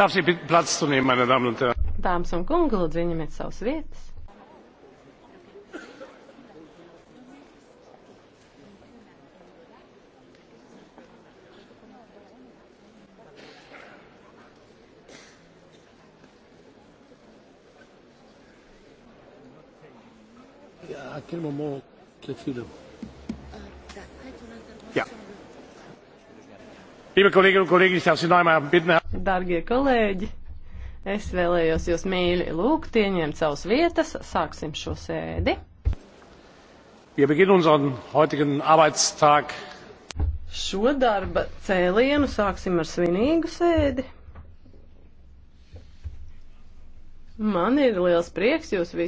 Darf Sie bitten, Platz zu nehmen, meine Damen und Herren. Dāmas un kungi, lūdzu, ieņemiet savas vietas. À quel moment, quel film Liebe Kolleginnen und Kollegen, ich darf Sie noch einmal bitten. Dargie kolēģi, es vēlējos jūs mīļi lūgt ieņemt savas vietas. Sāksim šo sēdi. Wir beginnen unseren heutigen Arbeitstag. Šo darba cēlienu sāksim ar svinīgu sēdi. Man ir liels prieks jūs visus.